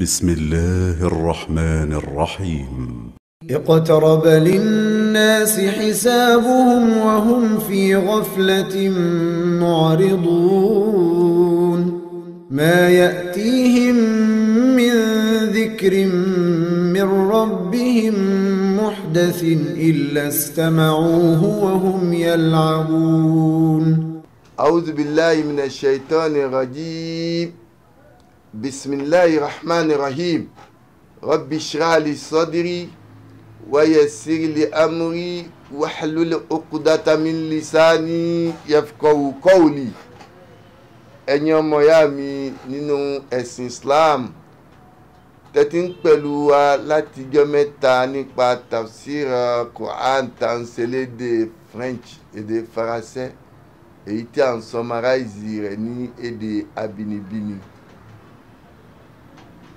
بسم الله الرحمن الرحيم اقترب للناس حسابهم وهم في غفلة معرضون ما يأتيهم من ذكر من ربهم محدث إلا استمعوه وهم يلعبون أعوذ بالله من الشيطان الرجيم بسم الله الرحمن الرحيم رب اشرح لي صدري ويسر لي امري واحلل عقدة من لساني يفقهوا قولي ẹ̀yin ọmọ ìyá mi nínú ẹ̀sìn Islam tẹ́tí ń pẹ̀lú wa látijọ́ mẹ́ta nípa tafsira Quran tanselédè French èdè faransé èyí tí à ń sọmaráìzì rẹ̀ ní èdè abínibíni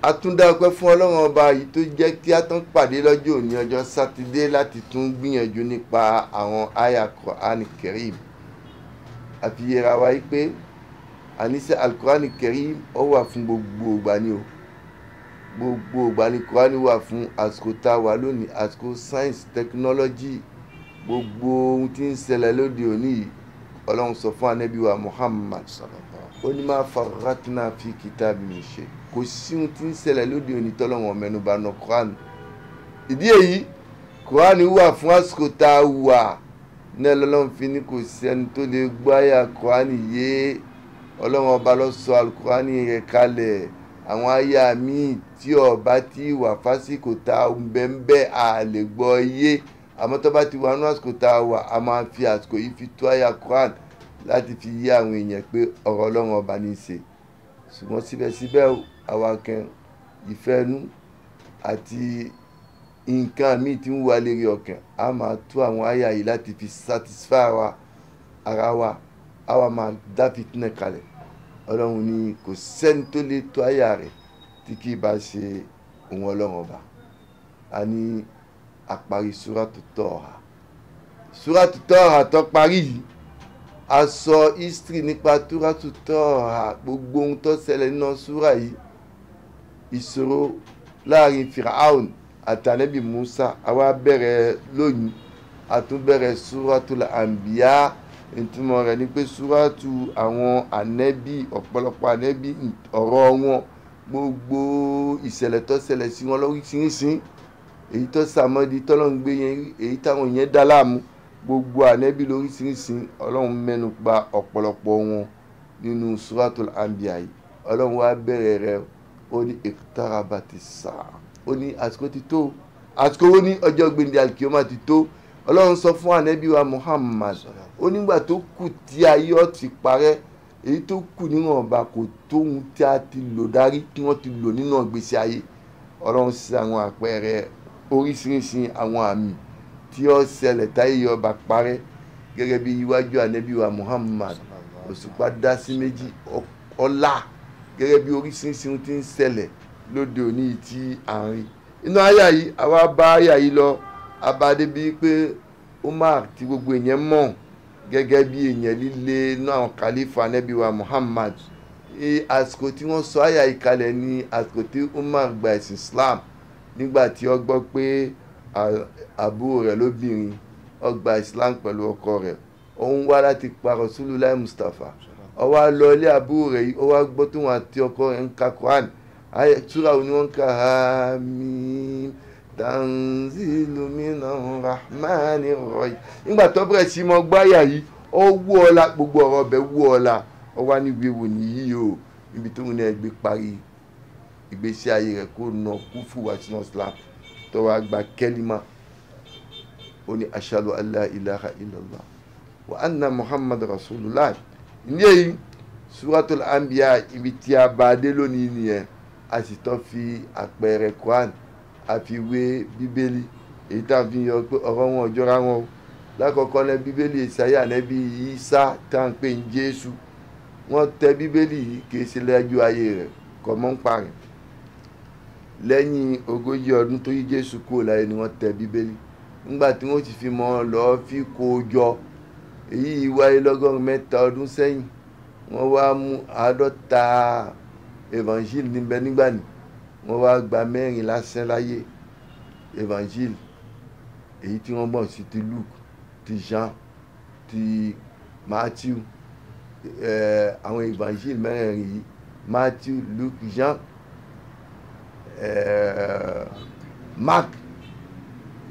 àtúndá ọpẹ́ fún ọlọ́run ọba yìí tó jẹ́ kí a tún pàdé lọ́jọ́ òní ọjọ́ sátidé láti tún gbìyànjú nípa àwọn ayakọ̀ anikerim àfiyèrà wa yìí pé àníṣe alukurani kerim ó wà fún gbogbo ìgbà ni o gbogbo ìgbà ni kurani wà fún àsìkò tá a wà lónìí àsìkò science technology gbogbo ohun tí ń ṣẹlẹ̀ lóde òní yìí ọlọ́run sọ fún anabi wa muhammad ó ní máa faratna fi kitabi mi ṣe kò sí ohun tí ń ṣẹlẹ̀ lóde òní tọ́lọ́wọ̀n mẹ́nuba náà quran ìdí èyí quran wà fún àsìkò tá a wà náà lọ́lọ́run fi ní kò sẹ́ni tó lè gbọ́ àyà quran yé ọlọ́run ọba ló sọ alukuran yẹn kalẹ̀ àwọn àyà míì tí ọba ti wà fásìkò tá a ń bẹ́ẹ̀ bẹ́ẹ̀ à gbọ́ yé àmọ́ tó bá ti wà nú àsìkò tá a wà a máa fi àsìkò yìí fi tó àyà Quran láti fi yé àwọn èèyàn pé ọ̀rọ̀ ọlọ́run ọba ní í ṣe ṣùgbọ́n síbẹ̀síbẹ̀ àwa kan ìfẹ́nu àti nǹkan míì tí ń wà lérí ọkàn a máa tú àwọn àyà yìí láti fi satisfy wa ara wa a wa máa dá fitinẹ kalẹ̀ ọlọ́run ni kò sẹ́ni tó lè tó àyà rẹ̀ tí kì í bá ṣe òun ọlọ́run ọba a parí Suratu Toha Suratu Toha tó parí yìí a sọ history nípa Suratu Toha gbogbo ohun tó ṣẹlẹ̀ nínú súra yìí ìṣòro láàrin Firaun àtànẹ́bì Musa àwa bẹ̀rẹ̀ lónìí a tún Suratul Anbiya ìtumọ̀ rẹ̀ ni pé súrátù àwọn ànẹ́bí ọ̀pọ̀lọpọ̀ ànẹ́bí ọ̀rọ̀ wọn gbogbo ìṣẹ̀lẹ̀ tó ṣẹlẹ̀ sí wọn lóríṣiríṣi èyí tó sàmọ́dí tọ́lọ́run gbé yẹn rí èyí táwọn yẹn dá láàmú gbogbo ànẹ́bí lóríṣiríṣi ọlọ́run mẹ́nu bà ọ̀pọ̀lọpọ̀ wọn nínú suratul anbiya yìí ọlọ́run wá bẹ̀rẹ̀ rẹ̀ ó ní ìtàràbà ti sà ó ní àsìkò ti tó àsìkò ó ní ọjọ́ gbèndé alikiyoma ti tó ọlọ́run sọ fún ànẹ́bí wa muhammad ó nígbà tó kù tí ayé ó ti parẹ́ èyí tó kù níwọ̀nba kò tóun tí a ti lò darí tí wọ́n ti lò nínú ìgbésí ayé ọlọ́run sí àwọn àpẹẹrẹ oríṣiríṣi àwọn àmì tí ó ṣẹlẹ̀ táyé ọba parẹ́ gẹ́gẹ́ bí iwájú ànábì Muhammad òṣùpá dá sí méjì ọlá gẹ́gẹ́ bí oríṣiríṣi ohun tí ń ṣẹlẹ̀ lóde òní tí à ń rí inú àyà yìí àwa bá àyà yìí lọ abadé bíi pé Umar tí gbogbo èèyàn mọ̀ gẹ́gẹ́ bí èèyàn líle inú kàlífà ànábì Muhammad àsìkò tí wọ́n sọ àyà yìí kalẹ̀ ní àsìkò tí Umar gba ẹ̀sìn Islam nígbà tí ó gbọ́ pé àbúrò rẹ̀ lóbìnrin ó gba islam pẹ̀lú ọkọ rẹ̀ ó ń wá láti pa Rasulullah Mustapha ó wá lọ ilé àbúrò rẹ̀ yìí ó wá gbọ́ tó wọn àti ọkọ rẹ̀ ń ka Quran túra òní wọn ka hamim tanzilu minar rahmanir rahim nígbà tó bẹ̀rẹ̀ sí mọ gbáyà yìí ó wú ọ̀la gbogbo ọ̀rọ̀ ọbẹ̀ wú ọ̀la ó wá ní wíwò o ibi tó ń gbé parí ìgbésí ayé rẹ̀ kó na kúfù wàsílọ̀ islam tó wàá gba kẹ́límà ó ní ashadu alla ilaha illallah wa anna muhammad rasulullah ní èyí suratul anbiya ibi tí a bá dé lónìí nìyẹn a sì tọ́ fi àpẹẹrẹ quran àfiwé bíbélì èyí tá a fi yọ pé ọ̀rọ̀ wọn ò jọra wọn o lákọ̀ọ́kọ́ náà bíbélì ìsáyà nẹ́bí Ìsá tá à ń pè ní Jésù wọ́n tẹ bíbélì yìí kì í ṣe lẹ́jọ́ ayé rẹ̀ kọ́ mọ́ ń parí lẹ́yìn ogójì ọdún tó yí jésù kúrò láyé ni wọ́n tẹ bíbélì nígbà tí wọ́n ti fi mọ́ ọ lọ́ọ́ fi kó o jọ èyí wáyé lọ́gọ́rùn mẹ́ta ọdún sẹ́yìn wọ́n wá mú àádọ́ta evangile níbẹ̀ nígbà ní wọ́n wá gba mẹ́rin lásán láyé evangile èyí tí wọ́n mọ̀ sí ti Luke ti Jean ti Matthew àwọn evangile mẹ́rẹ̀ẹ̀rin yìí Matthew Luke Jean Eh, mark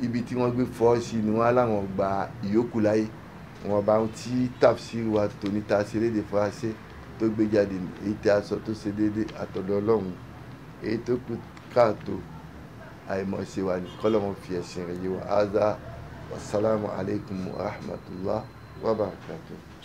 ibi tí wọ́n gbé fọ́ sí ni wọ́n láwọn gba ìyókù láyé wọn bá ń tí tafsir wa tòní ta ṣe léde faransé tó gbé jáde èyí tí a sọ tó ṣe déédé àtọ̀dọ̀ ọlọ́run èyí tó kù káàtó àìmọ̀ṣe wa ní kọ́lọ́mù fi ẹ̀sìn rẹ̀ yé wa azza wasalaamu alaykum wa rahmatulah wa barakatuh.